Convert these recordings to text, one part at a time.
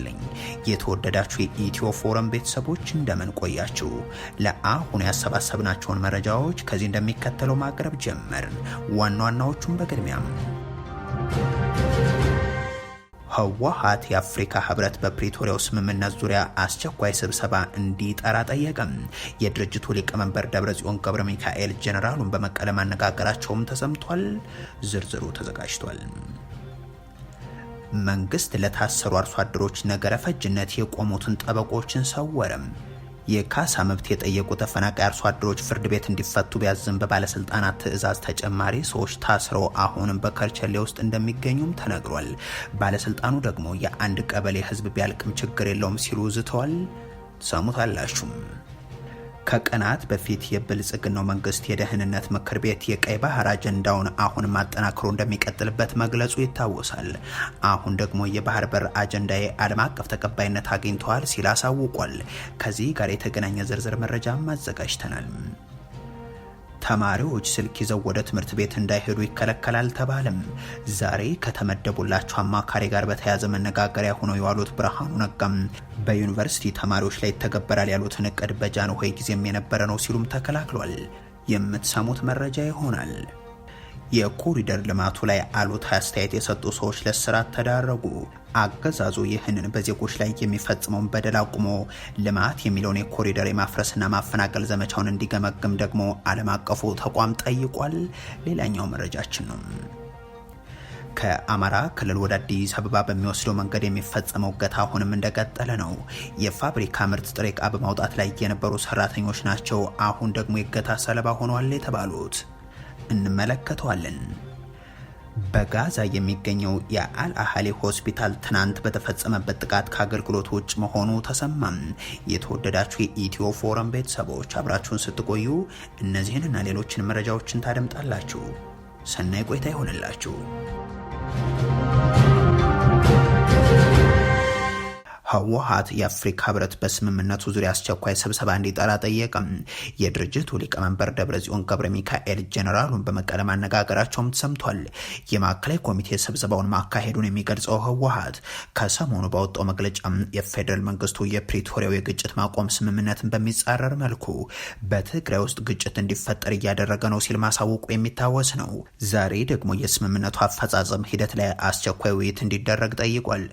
ይስጥልኝ። የተወደዳችሁ የኢትዮ ፎረም ቤተሰቦች እንደምን ቆያችሁ? ለአሁን ያሰባሰብናቸውን መረጃዎች ከዚህ እንደሚከተለው ማቅረብ ጀመርን። ዋና ዋናዎቹን በቅድሚያም ህወሓት የአፍሪካ ህብረት በፕሪቶሪያው ስምምነት ዙሪያ አስቸኳይ ስብሰባ እንዲጠራ ጠየቀም። የድርጅቱ ሊቀመንበር ደብረጽዮን ገብረ ሚካኤል ጀኔራሉን በመቀለ ማነጋገራቸውም ተሰምቷል። ዝርዝሩ ተዘጋጅቷል። መንግስት ለታሰሩ አርሶ አደሮች ነገረ ፈጅነት የቆሙትን ጠበቆችን ሰወረም። የካሳ መብት የጠየቁ ተፈናቃይ አርሶ አደሮች ፍርድ ቤት እንዲፈቱ ቢያዝም በባለስልጣናት ትዕዛዝ ተጨማሪ ሰዎች ታስረው አሁንም በከርቸሌ ውስጥ እንደሚገኙም ተነግሯል። ባለስልጣኑ ደግሞ የአንድ ቀበሌ ህዝብ ቢያልቅም ችግር የለውም ሲሉ ዝተዋል። ሰሙት አላችሁም። ከቀናት በፊት የብልጽግናው መንግስት የደህንነት ምክር ቤት የቀይ ባህር አጀንዳውን አሁን ማጠናክሮ እንደሚቀጥልበት መግለጹ ይታወሳል። አሁን ደግሞ የባህር በር አጀንዳ የዓለም አቀፍ ተቀባይነት አግኝተዋል ሲል አሳውቋል። ከዚህ ጋር የተገናኘ ዝርዝር መረጃም አዘጋጅተናል። ተማሪዎች ስልክ ይዘው ወደ ትምህርት ቤት እንዳይሄዱ ይከለከላል ተባለም። ዛሬ ከተመደቡላቸው አማካሪ ጋር በተያያዘ መነጋገሪያ ሆነው የዋሉት ብርሃኑ ነጋም በዩኒቨርሲቲ ተማሪዎች ላይ ይተገበራል ያሉትን እቅድ በጃንሆይ ጊዜም የነበረ ነው ሲሉም ተከላክሏል። የምትሰሙት መረጃ ይሆናል። የኮሪደር ልማቱ ላይ አሉታዊ አስተያየት የሰጡ ሰዎች ለእስራት ተዳረጉ። አገዛዙ ይህንን በዜጎች ላይ የሚፈጽመውን በደል አቁሞ ልማት የሚለውን የኮሪደር የማፍረስና ማፈናቀል ዘመቻውን እንዲገመግም ደግሞ ዓለም አቀፉ ተቋም ጠይቋል። ሌላኛው መረጃችን ነው። ከአማራ ክልል ወደ አዲስ አበባ በሚወስደው መንገድ የሚፈጸመው እገታ አሁንም እንደቀጠለ ነው። የፋብሪካ ምርት ጥሬ ዕቃ በማውጣት ላይ የነበሩ ሰራተኞች ናቸው አሁን ደግሞ የእገታ ሰለባ ሆኗል የተባሉት። እንመለከተዋለን። በጋዛ የሚገኘው የአል ሆስፒታል ትናንት በተፈጸመበት ጥቃት ከአገልግሎት ውጭ መሆኑ ተሰማም። የተወደዳችሁ የኢትዮ ፎረም ቤተሰቦች አብራችሁን ስትቆዩ እነዚህንና ሌሎችን መረጃዎችን ታደምጣላችሁ። ሰናይ ቆይታ ይሆንላችሁ። ህወሀት የአፍሪካ ህብረት በስምምነቱ ዙሪያ አስቸኳይ ስብሰባ እንዲጠራ ጠየቀ። የድርጅቱ ሊቀመንበር ደብረጽዮን ገብረ ሚካኤል ጀኔራሉን በመቀለ ማነጋገራቸውም ተሰምቷል። የማዕከላዊ ኮሚቴ ስብሰባውን ማካሄዱን የሚገልጸው ህወሀት ከሰሞኑ በወጣው መግለጫ የፌዴራል መንግስቱ የፕሪቶሪያው የግጭት ማቆም ስምምነትን በሚጻረር መልኩ በትግራይ ውስጥ ግጭት እንዲፈጠር እያደረገ ነው ሲል ማሳወቁ የሚታወስ ነው። ዛሬ ደግሞ የስምምነቱ አፈጻጸም ሂደት ላይ አስቸኳይ ውይይት እንዲደረግ ጠይቋል።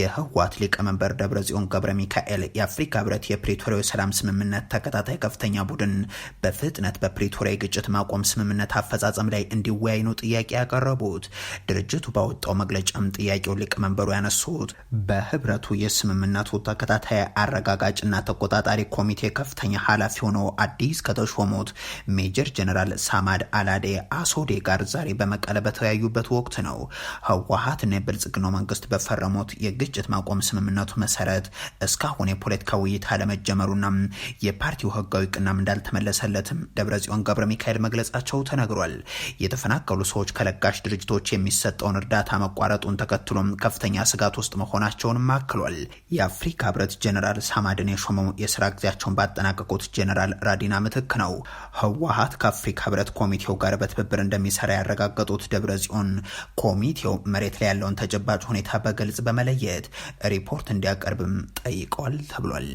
የህወሀት ሊቀመንበር ደብረጽዮን ገብረ ሚካኤል የአፍሪካ ህብረት የፕሪቶሪያው የሰላም ስምምነት ተከታታይ ከፍተኛ ቡድን በፍጥነት በፕሪቶሪያ የግጭት ማቆም ስምምነት አፈጻጸም ላይ እንዲወያይ ነው ጥያቄ ያቀረቡት። ድርጅቱ ባወጣው መግለጫም ጥያቄው ሊቀመንበሩ ያነሱት በህብረቱ የስምምነቱ ተከታታይ አረጋጋጭና ተቆጣጣሪ ኮሚቴ ከፍተኛ ኃላፊ ሆነው አዲስ ከተሾሙት ሜጀር ጀነራል ሳማድ አላዴ አሶዴ ጋር ዛሬ በመቀለ በተወያዩበት ወቅት ነው። ህወሀትና የብልጽግናው መንግስት በፈረሙት የግጭት ማቆም ስምምነቱ መሰረት እስካሁን የፖለቲካ ውይይት አለመጀመሩና የፓርቲው ህጋዊ ቅናም እንዳልተመለሰለትም ደብረጽዮን ገብረ ሚካኤል መግለጻቸው ተነግሯል። የተፈናቀሉ ሰዎች ከለጋሽ ድርጅቶች የሚሰጠውን እርዳታ መቋረጡን ተከትሎም ከፍተኛ ስጋት ውስጥ መሆናቸውንም አክሏል። የአፍሪካ ህብረት ጀኔራል ሳማድን የሾመው የስራ ጊዜያቸውን ባጠናቀቁት ጀኔራል ራዲና ምትክ ነው። ህወሀት ከአፍሪካ ህብረት ኮሚቴው ጋር በትብብር እንደሚሰራ ያረጋገጡት ደብረ ጽዮን ኮሚቴው መሬት ላይ ያለውን ተጨባጭ ሁኔታ በግልጽ በመለየት ሪፖርት እንዲያቀ እንዲያቀርብም ጠይቀዋል ተብሏል።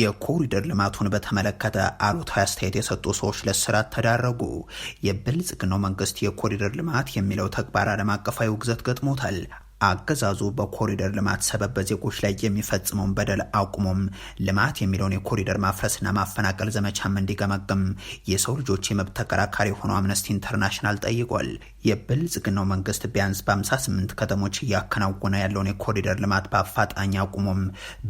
የኮሪደር ልማቱን በተመለከተ አሉታዊ አስተያየት የሰጡ ሰዎች ለስራ ተዳረጉ። የብልጽግናው መንግስት የኮሪደር ልማት የሚለው ተግባር ዓለም አቀፋዊ ውግዘት ገጥሞታል። አገዛዙ በኮሪደር ልማት ሰበብ በዜጎች ላይ የሚፈጽመውን በደል አቁሞም ልማት የሚለውን የኮሪደር ማፍረስና ማፈናቀል ዘመቻም እንዲገመግም የሰው ልጆች የመብት ተከራካሪ የሆነው አምነስቲ ኢንተርናሽናል ጠይቋል። የብልጽግናው መንግስት ቢያንስ በ58 ከተሞች እያከናወነ ያለውን የኮሪደር ልማት በአፋጣኝ አቁሞም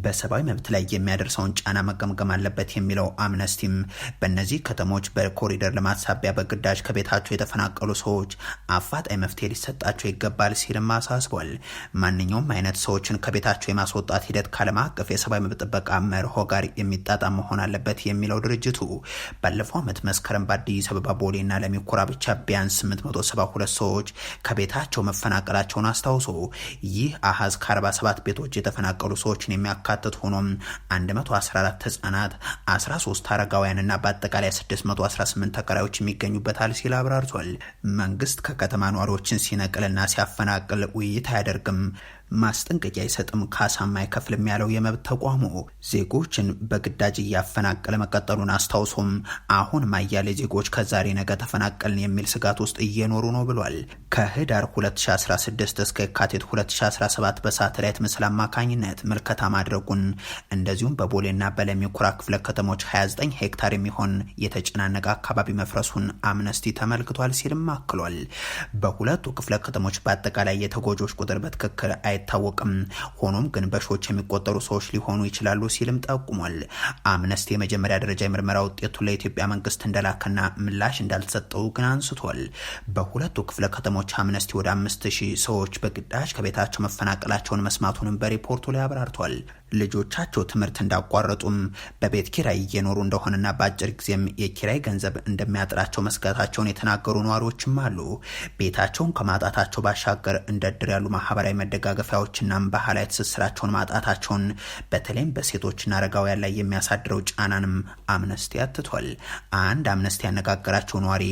በሰብአዊ መብት ላይ የሚያደርሰውን ጫና መገምገም አለበት የሚለው አምነስቲም በእነዚህ ከተሞች በኮሪደር ልማት ሳቢያ በግዳጅ ከቤታቸው የተፈናቀሉ ሰዎች አፋጣኝ መፍትሄ ሊሰጣቸው ይገባል ሲልም አሳስቧል። ማንኛውም አይነት ሰዎችን ከቤታቸው የማስወጣት ሂደት ከዓለም አቀፍ የሰብአዊ መብት ጥበቃ መርሆ ጋር የሚጣጣም መሆን አለበት የሚለው ድርጅቱ ባለፈው ዓመት መስከረም በአዲስ አበባ ቦሌና ለሚ ብቻ ቢያንስ 872 ሁለት ሰዎች ከቤታቸው መፈናቀላቸውን አስታውሶ ይህ አሃዝ ከ47 ቤቶች የተፈናቀሉ ሰዎችን የሚያካትት ሆኖም 114 ህጻናት፣ 13 አረጋውያንና በአጠቃላይ 618 ተከራዮች የሚገኙበታል ሲል አብራርቷል። መንግስት ከከተማ ነዋሪዎችን ሲነቅልና ሲያፈናቅል ውይይት አያደርግም። ማስጠንቀቂያ አይሰጥም፣ ካሳም አይከፍልም ያለው የመብት ተቋሙ ዜጎችን በግዳጅ እያፈናቀለ መቀጠሉን አስታውሶም አሁን ማያሌ ዜጎች ከዛሬ ነገ ተፈናቀልን የሚል ስጋት ውስጥ እየኖሩ ነው ብሏል። ከህዳር 2016 እስከ የካቲት 2017 በሳተላይት ምስል አማካኝነት ምልከታ ማድረጉን እንደዚሁም በቦሌና በለሚ ኩራ ክፍለ ከተሞች 29 ሄክታር የሚሆን የተጨናነቀ አካባቢ መፍረሱን አምነስቲ ተመልክቷል ሲልም አክሏል። በሁለቱ ክፍለ ከተሞች በአጠቃላይ የተጎጆች ቁጥር በትክክል አይ አይታወቅም። ሆኖም ግን በሺዎች የሚቆጠሩ ሰዎች ሊሆኑ ይችላሉ ሲልም ጠቁሟል። አምነስቲ የመጀመሪያ ደረጃ የምርመራ ውጤቱን ለኢትዮጵያ መንግስት እንደላከና ምላሽ እንዳልተሰጠው ግን አንስቷል። በሁለቱ ክፍለ ከተሞች አምነስቲ ወደ አምስት ሺህ ሰዎች በግዳጅ ከቤታቸው መፈናቀላቸውን መስማቱንም በሪፖርቱ ላይ አብራርቷል። ልጆቻቸው ትምህርት እንዳቋረጡም በቤት ኪራይ እየኖሩ እንደሆነና በአጭር ጊዜም የኪራይ ገንዘብ እንደሚያጥራቸው መስጋታቸውን የተናገሩ ነዋሪዎችም አሉ። ቤታቸውን ከማጣታቸው ባሻገር እንደ እድር ያሉ ማህበራዊ መደጋገፊያዎችና ባህላዊ ትስስራቸውን ማጣታቸውን በተለይም በሴቶችና አረጋውያን ላይ የሚያሳድረው ጫናንም አምነስቲ አትቷል። አንድ አምነስቲ ያነጋገራቸው ነዋሪ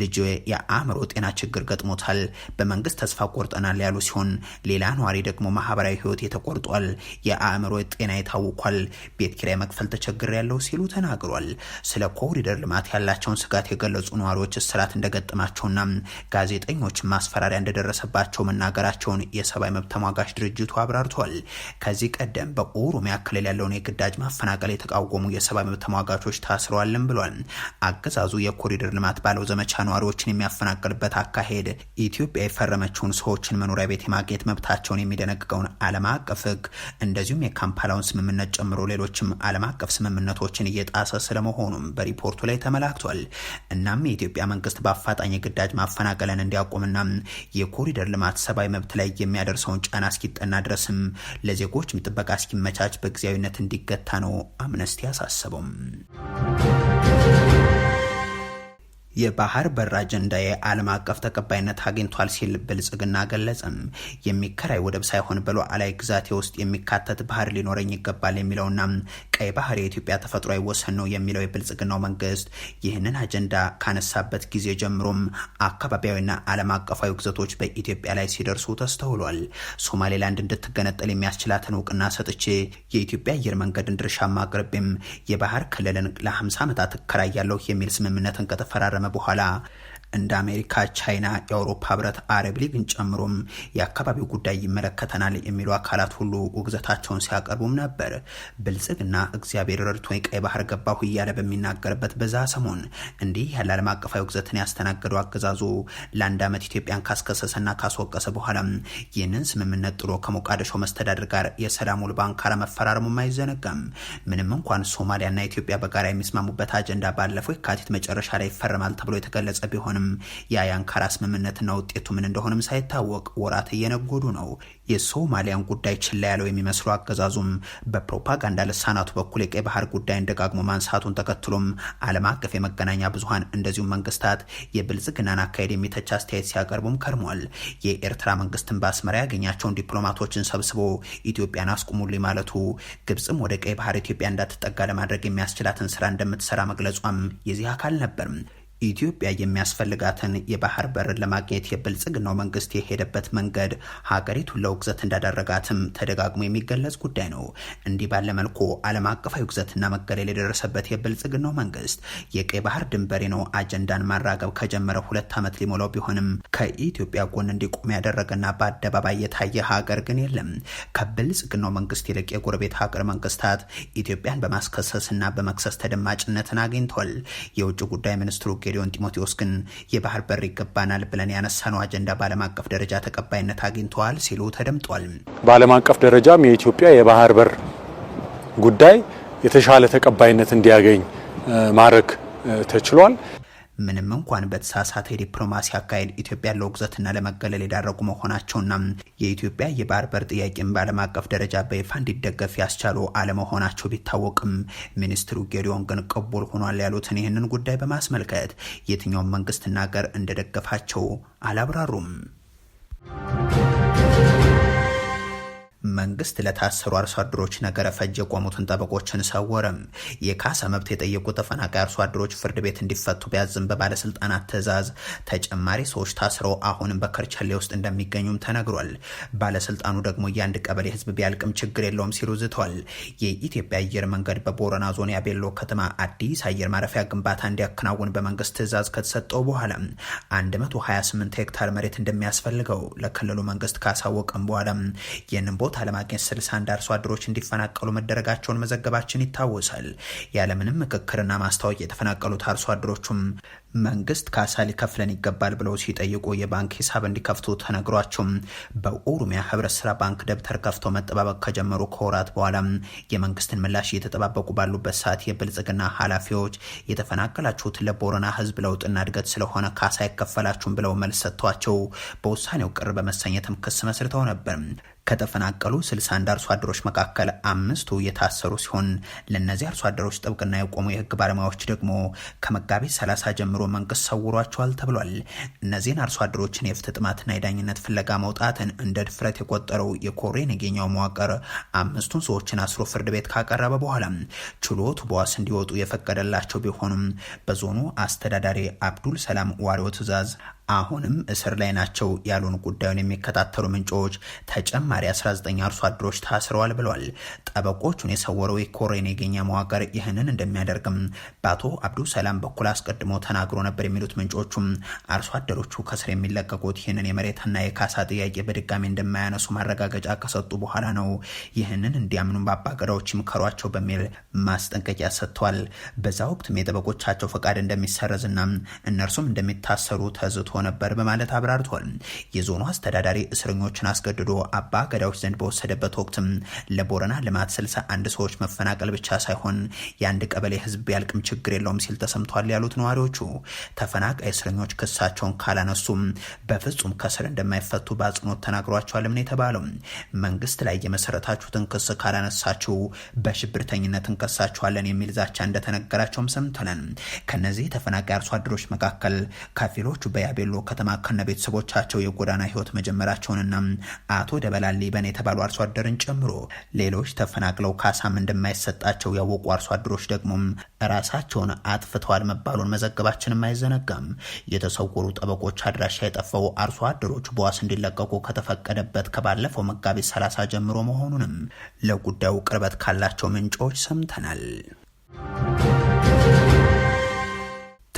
ልጅ የአእምሮ ጤና ችግር ገጥሞታል፣ በመንግስት ተስፋ ቆርጠናል ያሉ ሲሆን ሌላ ነዋሪ ደግሞ ማህበራዊ ህይወት የተቆርጧል፣ የአእምሮ ጤና የታውኳል። ቤት ኪራይ መክፈል ተቸግር ያለው ሲሉ ተናግሯል። ስለ ኮሪደር ልማት ያላቸውን ስጋት የገለጹ ነዋሪዎች እስራት እንደገጠማቸውና ጋዜጠኞች ማስፈራሪያ እንደደረሰባቸው መናገራቸውን የሰብአዊ መብት ተሟጋች ድርጅቱ አብራርቷል። ከዚህ ቀደም በኦሮሚያ ክልል ያለውን የግዳጅ ማፈናቀል የተቃወሙ የሰብአዊ መብት ተሟጋቾች ታስረዋልም ብሏል። አገዛዙ የኮሪደር ልማት ባለው ዘመቻ ነዋሪዎችን የሚያፈናቅልበት አካሄድ ኢትዮጵያ የፈረመችውን ሰዎችን መኖሪያ ቤት የማግኘት መብታቸውን የሚደነግገውን ዓለም አቀፍ ሕግ እንደዚሁም የካምፓ የካምፓላውን ስምምነት ጨምሮ ሌሎችም ዓለም አቀፍ ስምምነቶችን እየጣሰ ስለመሆኑም በሪፖርቱ ላይ ተመላክቷል። እናም የኢትዮጵያ መንግስት በአፋጣኝ የግዳጅ ማፈናቀልን እንዲያቆምና የኮሪደር ልማት ሰብአዊ መብት ላይ የሚያደርሰውን ጫና እስኪጠና ድረስም ለዜጎችም ጥበቃ እስኪመቻች በጊዜያዊነት እንዲገታ ነው አምነስቲ ያሳሰበውም። የባህር በር አጀንዳ የዓለም አቀፍ ተቀባይነት አግኝቷል ሲል ብልጽግና ገለጸም። የሚከራይ ወደብ ሳይሆን በሉዓላዊ ግዛቴ ውስጥ የሚካተት ባህር ሊኖረኝ ይገባል የሚለውና ቀይ ባህር የኢትዮጵያ ተፈጥሯዊ ወሰን ነው የሚለው የብልጽግናው መንግስት ይህንን አጀንዳ ካነሳበት ጊዜ ጀምሮም አካባቢያዊና ዓለም አቀፋዊ ግዘቶች በኢትዮጵያ ላይ ሲደርሱ ተስተውሏል። ሶማሌላንድ እንድትገነጠል የሚያስችላትን እውቅና ሰጥቼ የኢትዮጵያ አየር መንገድን ድርሻ ማቅረቤም የባህር ክልልን ለ50 ዓመታት እከራያለሁ የሚል ስምምነትን ከተፈራረመ ከተሸከመ በኋላ እንደ አሜሪካ፣ ቻይና፣ የአውሮፓ ህብረት፣ አረብ ሊግን ጨምሮም የአካባቢው ጉዳይ ይመለከተናል የሚሉ አካላት ሁሉ ውግዘታቸውን ሲያቀርቡም ነበር። ብልጽግና እግዚአብሔር ረድቶኝ ቀይ ባህር ገባሁ እያለ በሚናገርበት በዛ ሰሞን እንዲህ ያለ ዓለም አቀፋዊ ውግዘትን ያስተናገደው አገዛዙ ለአንድ ዓመት ኢትዮጵያን ካስከሰሰና ካስወቀሰ በኋላ ይህንን ስምምነት ጥሎ ከሞቃደሾ መስተዳድር ጋር የሰላም ውል በአንካራ መፈራረሙም አይዘነጋም። ምንም እንኳን ሶማሊያና ኢትዮጵያ በጋራ የሚስማሙበት አጀንዳ ባለፈው የካቲት መጨረሻ ላይ ይፈረማል ተብሎ የተገለጸ ቢሆንም ቢሆንም የአንካራ ስምምነትና ውጤቱ ምን እንደሆነም ሳይታወቅ ወራት እየነጎዱ ነው። የሶማሊያን ጉዳይ ችላ ያለው የሚመስሉ አገዛዙም በፕሮፓጋንዳ ልሳናቱ በኩል የቀይ ባህር ጉዳይን ደጋግሞ ማንሳቱን ተከትሎም ዓለም አቀፍ የመገናኛ ብዙሀን እንደዚሁም መንግስታት የብልጽግናን አካሄድ የሚተች አስተያየት ሲያቀርቡም ከርሟል። የኤርትራ መንግስትን በአስመራ ያገኛቸውን ዲፕሎማቶችን ሰብስቦ ኢትዮጵያን አስቁሙልኝ ማለቱ ግብፅም ወደ ቀይ ባህር ኢትዮጵያ እንዳትጠጋ ለማድረግ የሚያስችላትን ስራ እንደምትሰራ መግለጿም የዚህ አካል ነበር። ኢትዮጵያ የሚያስፈልጋትን የባህር በርን ለማግኘት የብልጽግናው መንግስት የሄደበት መንገድ ሀገሪቱን ለውግዘት እንዳደረጋትም ተደጋግሞ የሚገለጽ ጉዳይ ነው። እንዲህ ባለ መልኩ ዓለም አቀፋዊ ውግዘትና መገለል የደረሰበት የብልጽግናው መንግስት የቀይ ባህር ድንበሬ ነው አጀንዳን ማራገብ ከጀመረ ሁለት ዓመት ሊሞላው ቢሆንም ከኢትዮጵያ ጎን እንዲቆም ያደረገና በአደባባይ የታየ ሀገር ግን የለም። ከብልጽግናው መንግስት ይልቅ የጎረቤት ሀገር መንግስታት ኢትዮጵያን በማስከሰስና በመክሰስ ተደማጭነትን አግኝቷል። የውጭ ጉዳይ ሚኒስትሩ ጌዲዮን ጢሞቴዎስ ግን የባህር በር ይገባናል ብለን ያነሳነው አጀንዳ በዓለም አቀፍ ደረጃ ተቀባይነት አግኝተዋል ሲሉ ተደምጧል። በዓለም አቀፍ ደረጃም የኢትዮጵያ የባህር በር ጉዳይ የተሻለ ተቀባይነት እንዲያገኝ ማድረግ ተችሏል። ምንም እንኳን በተሳሳተ የዲፕሎማሲ አካሄድ ኢትዮጵያ ለውግዘትና ለመገለል የዳረጉ መሆናቸውና የኢትዮጵያ የባህር በር ጥያቄን በዓለም አቀፍ ደረጃ በይፋ እንዲደገፍ ያስቻሉ አለመሆናቸው ቢታወቅም ሚኒስትሩ ጌዲዮን ግን ቅቡል ሆኗል ያሉትን ይህንን ጉዳይ በማስመልከት የትኛውም መንግስትና ሀገር እንደደገፋቸው አላብራሩም። መንግስት ለታሰሩ አርሶ አደሮች ነገረ ፈጅ የቆሙትን ጠበቆችን ሰወርም። የካሳ መብት የጠየቁ ተፈናቃይ አርሶ አደሮች ፍርድ ቤት እንዲፈቱ ቢያዝም በባለስልጣናት ትዕዛዝ ተጨማሪ ሰዎች ታስረው አሁንም በከርቸሌ ውስጥ እንደሚገኙም ተነግሯል። ባለስልጣኑ ደግሞ የአንድ ቀበሌ ህዝብ ቢያልቅም ችግር የለውም ሲሉ ዝተዋል። የኢትዮጵያ አየር መንገድ በቦረና ዞን ያቤሎ ከተማ አዲስ አየር ማረፊያ ግንባታ እንዲያከናውን በመንግስት ትእዛዝ ከተሰጠው በኋላ 128 ሄክታር መሬት እንደሚያስፈልገው ለክልሉ መንግስት ካሳወቀም በኋላ ይህንን ቦታ ቦታ ለማግኘት 61 አርሶ አደሮች እንዲፈናቀሉ መደረጋቸውን መዘገባችን ይታወሳል። ያለምንም ምክክርና ማስታወቂያ የተፈናቀሉት አርሶ አደሮቹም መንግስት ካሳ ሊከፍለን ይገባል ብለው ሲጠይቁ የባንክ ሂሳብ እንዲከፍቱ ተነግሯቸውም በኦሮሚያ ህብረት ስራ ባንክ ደብተር ከፍተው መጠባበቅ ከጀመሩ ከወራት በኋላ የመንግስትን ምላሽ እየተጠባበቁ ባሉበት ሰዓት የብልጽግና ኃላፊዎች የተፈናቀላችሁት ለቦረና ህዝብ ለውጥና እድገት ስለሆነ ካሳ ይከፈላችሁም ብለው መልስ ሰጥቷቸው በውሳኔው ቅር በመሰኘትም ክስ መስርተው ነበር። ከተፈናቀሉ 61 አርሶ አደሮች መካከል አምስቱ የታሰሩ ሲሆን ለእነዚህ አርሶ አደሮች ጥብቅና የቆሙ የህግ ባለሙያዎች ደግሞ ከመጋቢት 30 ጀምሮ መንግስት ሰውሯቸዋል ተብሏል። እነዚህን አርሶ አደሮችን የፍትህ ጥማትና የዳኝነት ፍለጋ መውጣትን እንደ ድፍረት የቆጠረው የኮሬ ነገኛው መዋቅር አምስቱን ሰዎችን አስሮ ፍርድ ቤት ካቀረበ በኋላ ችሎቱ በዋስ እንዲወጡ የፈቀደላቸው ቢሆንም በዞኑ አስተዳዳሪ አብዱል ሰላም ዋሪዎ ትዕዛዝ አሁንም እስር ላይ ናቸው ያሉን ጉዳዩን የሚከታተሉ ምንጮች ተጨማሪ 19 አርሶ አደሮች ታስረዋል ብለዋል። ጠበቆቹን የሰወረው የኮሬን የገኛ መዋቅር ይህንን እንደሚያደርግም በአቶ አብዱ ሰላም በኩል አስቀድሞ ተናግሮ ነበር የሚሉት ምንጮቹም አርሶ አደሮቹ ከስር የሚለቀቁት ይህንን የመሬትና የካሳ ጥያቄ በድጋሚ እንደማያነሱ ማረጋገጫ ከሰጡ በኋላ ነው። ይህንን እንዲያምኑ በአባገዳዎች ይምከሯቸው በሚል ማስጠንቀቂያ ሰጥተዋል። በዛ ወቅትም የጠበቆቻቸው ፈቃድ እንደሚሰረዝና እነርሱም እንደሚታሰሩ ተዝቶ ነበር በማለት አብራርቷል። የዞኑ አስተዳዳሪ እስረኞችን አስገድዶ አባ ገዳዎች ዘንድ በወሰደበት ወቅትም ለቦረና ልማት 61 አንድ ሰዎች መፈናቀል ብቻ ሳይሆን የአንድ ቀበሌ ህዝብ ቢያልቅም ችግር የለውም ሲል ተሰምቷል ያሉት ነዋሪዎቹ ተፈናቃይ እስረኞች ክሳቸውን ካላነሱም በፍጹም ከስር እንደማይፈቱ በአጽንኦት ተናግሯቸዋልም ነው የተባለው። መንግስት ላይ የመሰረታችሁትን ክስ ካላነሳችሁ በሽብርተኝነት እንከሳችኋለን የሚል ዛቻ እንደተነገራቸውም ሰምተናል። ከነዚህ ተፈናቃይ አርሶ አደሮች መካከል ከፊሎቹ በያቤ ጋምቤሎ ከተማ ከነ ቤተሰቦቻቸው የጎዳና ህይወት መጀመራቸውንና አቶ ደበላሌ በን የተባሉ አርሶ አደርን ጨምሮ ሌሎች ተፈናቅለው ካሳም እንደማይሰጣቸው ያወቁ አርሶ አደሮች ደግሞ ራሳቸውን አጥፍተዋል መባሉን መዘገባችንም አይዘነጋም። የተሰወሩ ጠበቆች አድራሻ የጠፋው አርሶ አደሮች በዋስ እንዲለቀቁ ከተፈቀደበት ከባለፈው መጋቢት 30 ጀምሮ መሆኑንም ለጉዳዩ ቅርበት ካላቸው ምንጮች ሰምተናል።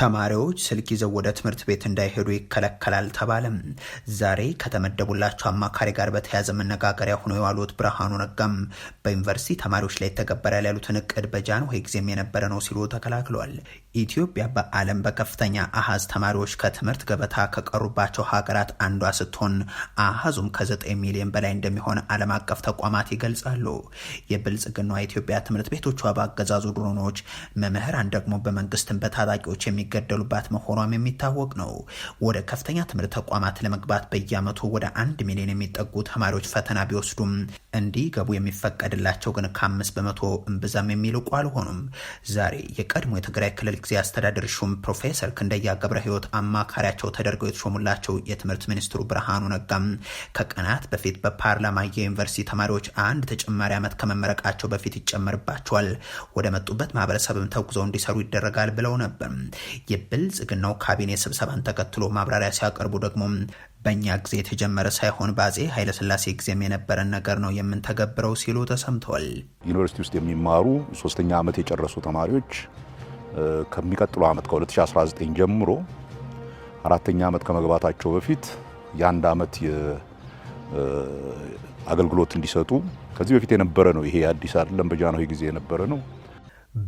ተማሪዎች ስልክ ይዘው ወደ ትምህርት ቤት እንዳይሄዱ ይከለከላል ተባለም። ዛሬ ከተመደቡላቸው አማካሪ ጋር በተያያዘ መነጋገሪያ ሆኖ የዋሉት ብርሃኑ ነጋም በዩኒቨርሲቲ ተማሪዎች ላይ ተገበራል ያሉትን እቅድ በጃንሆይ ጊዜም የነበረ ነው ሲሉ ተከላክሏል። ኢትዮጵያ በዓለም በከፍተኛ አሃዝ ተማሪዎች ከትምህርት ገበታ ከቀሩባቸው ሀገራት አንዷ ስትሆን አሃዙም ከ9 ሚሊዮን በላይ እንደሚሆን ዓለም አቀፍ ተቋማት ይገልጻሉ። የብልጽግናዋ ኢትዮጵያ ትምህርት ቤቶቿ በአገዛዙ ድሮኖች፣ መምህራን ደግሞ በመንግስትን በታጣቂዎች የሚገደሉባት መሆኗም የሚታወቅ ነው። ወደ ከፍተኛ ትምህርት ተቋማት ለመግባት በየዓመቱ ወደ አንድ ሚሊዮን የሚጠጉ ተማሪዎች ፈተና ቢወስዱም እንዲገቡ የሚፈቀድላቸው ግን ከአምስት በመቶ እምብዛም የሚልቁ አልሆኑም። ዛሬ የቀድሞ የትግራይ ክልል ጊዜ አስተዳደር ሹም ፕሮፌሰር ክንደያ ገብረ ህይወት አማካሪያቸው ተደርገው የተሾሙላቸው የትምህርት ሚኒስትሩ ብርሃኑ ነጋም ከቀናት በፊት በፓርላማ የዩኒቨርሲቲ ተማሪዎች አንድ ተጨማሪ ዓመት ከመመረቃቸው በፊት ይጨመርባቸዋል፣ ወደ መጡበት ማህበረሰብም ተጉዘው እንዲሰሩ ይደረጋል ብለው ነበር። የብልጽግናው ካቢኔ ስብሰባን ተከትሎ ማብራሪያ ሲያቀርቡ ደግሞ በእኛ ጊዜ የተጀመረ ሳይሆን በአጼ ኃይለስላሴ ጊዜም የነበረን ነገር ነው የምንተገብረው ሲሉ ተሰምተዋል። ዩኒቨርሲቲ ውስጥ የሚማሩ ሶስተኛ ዓመት የጨረሱ ተማሪዎች ከሚቀጥለው ዓመት ከ2019 ጀምሮ አራተኛ ዓመት ከመግባታቸው በፊት የአንድ ዓመት አገልግሎት እንዲሰጡ ከዚህ በፊት የነበረ ነው። ይሄ አዲስ አይደለም። በጃንሆይ ጊዜ የነበረ ነው።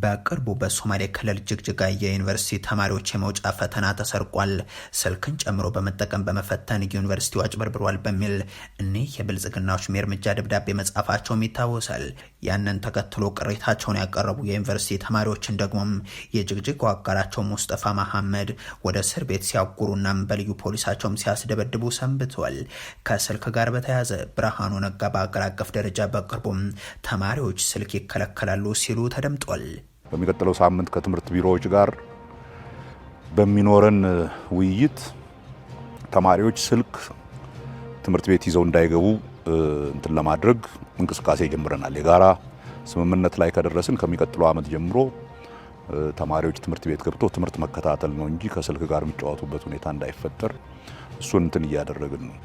በቅርቡ በሶማሌ ክልል ጅግጅጋ የዩኒቨርሲቲ ተማሪዎች የመውጫ ፈተና ተሰርቋል፣ ስልክን ጨምሮ በመጠቀም በመፈተን ዩኒቨርሲቲው አጭበርብሯል በሚል እኒህ የብልጽግናዎች የእርምጃ ደብዳቤ መጻፋቸውም ይታወሳል። ያንን ተከትሎ ቅሬታቸውን ያቀረቡ የዩኒቨርሲቲ ተማሪዎችን ደግሞም የጅግጅጋው አጋራቸው ሙስጠፋ መሐመድ ወደ እስር ቤት ሲያጉሩናም በልዩ ፖሊሳቸውም ሲያስደበድቡ ሰንብተዋል። ከስልክ ጋር በተያያዘ ብርሃኑ ነጋ በአገር አቀፍ ደረጃ በቅርቡም ተማሪዎች ስልክ ይከለከላሉ ሲሉ ተደምጧል። በሚቀጥለው ሳምንት ከትምህርት ቢሮዎች ጋር በሚኖረን ውይይት ተማሪዎች ስልክ ትምህርት ቤት ይዘው እንዳይገቡ እንትን ለማድረግ እንቅስቃሴ ጀምረናል። የጋራ ስምምነት ላይ ከደረስን ከሚቀጥለው ዓመት ጀምሮ ተማሪዎች ትምህርት ቤት ገብቶ ትምህርት መከታተል ነው እንጂ ከስልክ ጋር የሚጫወቱበት ሁኔታ እንዳይፈጠር እሱን እንትን እያደረግን ነው።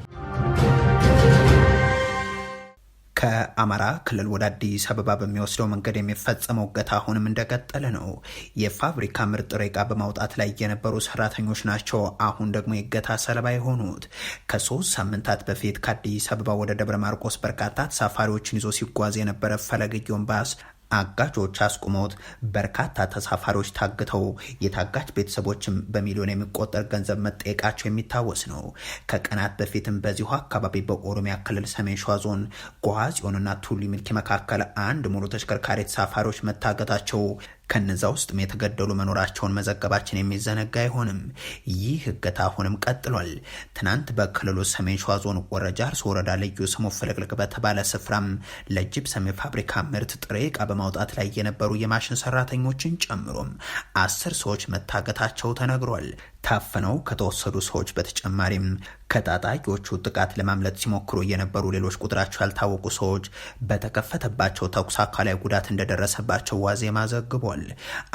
ከአማራ ክልል ወደ አዲስ አበባ በሚወስደው መንገድ የሚፈጸመው እገታ አሁንም እንደቀጠለ ነው። የፋብሪካ ምርጥ ሬቃ በማውጣት ላይ የነበሩ ሰራተኞች ናቸው አሁን ደግሞ የእገታ ሰለባ የሆኑት። ከሶስት ሳምንታት በፊት ከአዲስ አበባ ወደ ደብረ ማርቆስ በርካታ ተሳፋሪዎችን ይዞ ሲጓዝ የነበረ ፈለገጊዮን ባስ አጋቾች አስቁመውት በርካታ ተሳፋሪዎች ታግተው የታጋች ቤተሰቦችም በሚሊዮን የሚቆጠር ገንዘብ መጠየቃቸው የሚታወስ ነው። ከቀናት በፊትም በዚሁ አካባቢ በኦሮሚያ ክልል ሰሜን ሸዋ ዞን ጓዝ ጽዮንና ቱሊ ሚልኪ መካከል አንድ ሙሉ ተሽከርካሪ ተሳፋሪዎች መታገታቸው ከነዛ ውስጥም የተገደሉ መኖራቸውን መዘገባችን የሚዘነጋ አይሆንም። ይህ እገታ አሁንም ቀጥሏል። ትናንት በክልሉ ሰሜን ሸዋ ዞን ወረጃ እርስ ወረዳ ልዩ ስሙ ፍልቅልቅ በተባለ ስፍራም ለጅብ ለጂፕሰም ፋብሪካ ምርት ጥሬ ዕቃ በማውጣት ላይ የነበሩ የማሽን ሰራተኞችን ጨምሮም አስር ሰዎች መታገታቸው ተነግሯል። ታፍነው ከተወሰዱ ሰዎች በተጨማሪም ከታጣቂዎቹ ጥቃት ለማምለጥ ሲሞክሩ የነበሩ ሌሎች ቁጥራቸው ያልታወቁ ሰዎች በተከፈተባቸው ተኩስ አካላዊ ጉዳት እንደደረሰባቸው ዋዜማ ዘግቧል።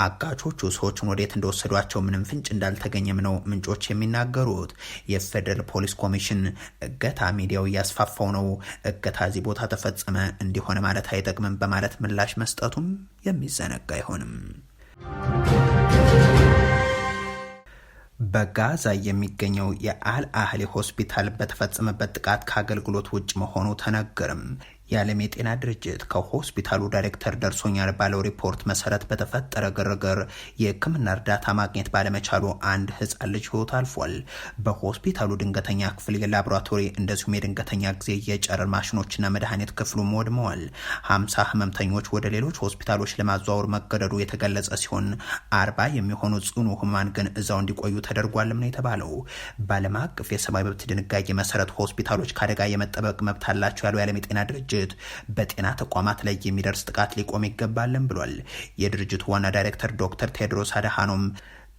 አጋቾቹ ሰዎችን ወዴት እንደወሰዷቸው ምንም ፍንጭ እንዳልተገኘም ነው ምንጮች የሚናገሩት። የፌደራል ፖሊስ ኮሚሽን እገታ ሚዲያው እያስፋፋው ነው፣ እገታ እዚህ ቦታ ተፈጸመ እንዲሆነ ማለት አይጠቅምም በማለት ምላሽ መስጠቱም የሚዘነጋ አይሆንም። በጋዛ የሚገኘው የአልአህሊ ሆስፒታል በተፈጸመበት ጥቃት ከአገልግሎት ውጭ መሆኑ ተነገርም። የዓለም የጤና ድርጅት ከሆስፒታሉ ዳይሬክተር ደርሶኛል ባለው ሪፖርት መሰረት በተፈጠረ ግርግር የሕክምና እርዳታ ማግኘት ባለመቻሉ አንድ ህፃን ልጅ ህይወት አልፏል። በሆስፒታሉ ድንገተኛ ክፍል የላቦራቶሪ እንደዚሁም የድንገተኛ ጊዜ የጨረር ማሽኖችና መድኃኒት ክፍሉም ወድመዋል። ሀምሳ ህመምተኞች ወደ ሌሎች ሆስፒታሎች ለማዘዋወር መገደዱ የተገለጸ ሲሆን አርባ የሚሆኑ ጽኑ ህሙማን ግን እዛው እንዲቆዩ ተደርጓልም ነው የተባለው። በዓለም አቀፍ የሰብአዊ መብት ድንጋጌ መሰረት ሆስፒታሎች ከአደጋ የመጠበቅ መብት አላቸው ያለው የዓለም የጤና ድርጅት ድርጅት በጤና ተቋማት ላይ የሚደርስ ጥቃት ሊቆም ይገባልን ብሏል። የድርጅቱ ዋና ዳይሬክተር ዶክተር ቴድሮስ አድሃኖም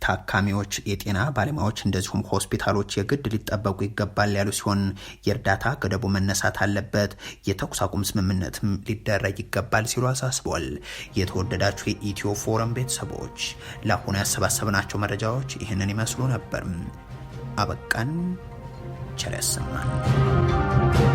ታካሚዎች፣ የጤና ባለሙያዎች እንደዚሁም ሆስፒታሎች የግድ ሊጠበቁ ይገባል ያሉ ሲሆን የእርዳታ ገደቡ መነሳት አለበት፣ የተኩስ አቁም ስምምነትም ሊደረግ ይገባል ሲሉ አሳስበዋል። የተወደዳችሁ የኢትዮ ፎረም ቤተሰቦች ለአሁኑ ያሰባሰብናቸው መረጃዎች ይህንን ይመስሉ ነበር። አበቃን። ቸር ያሰማን።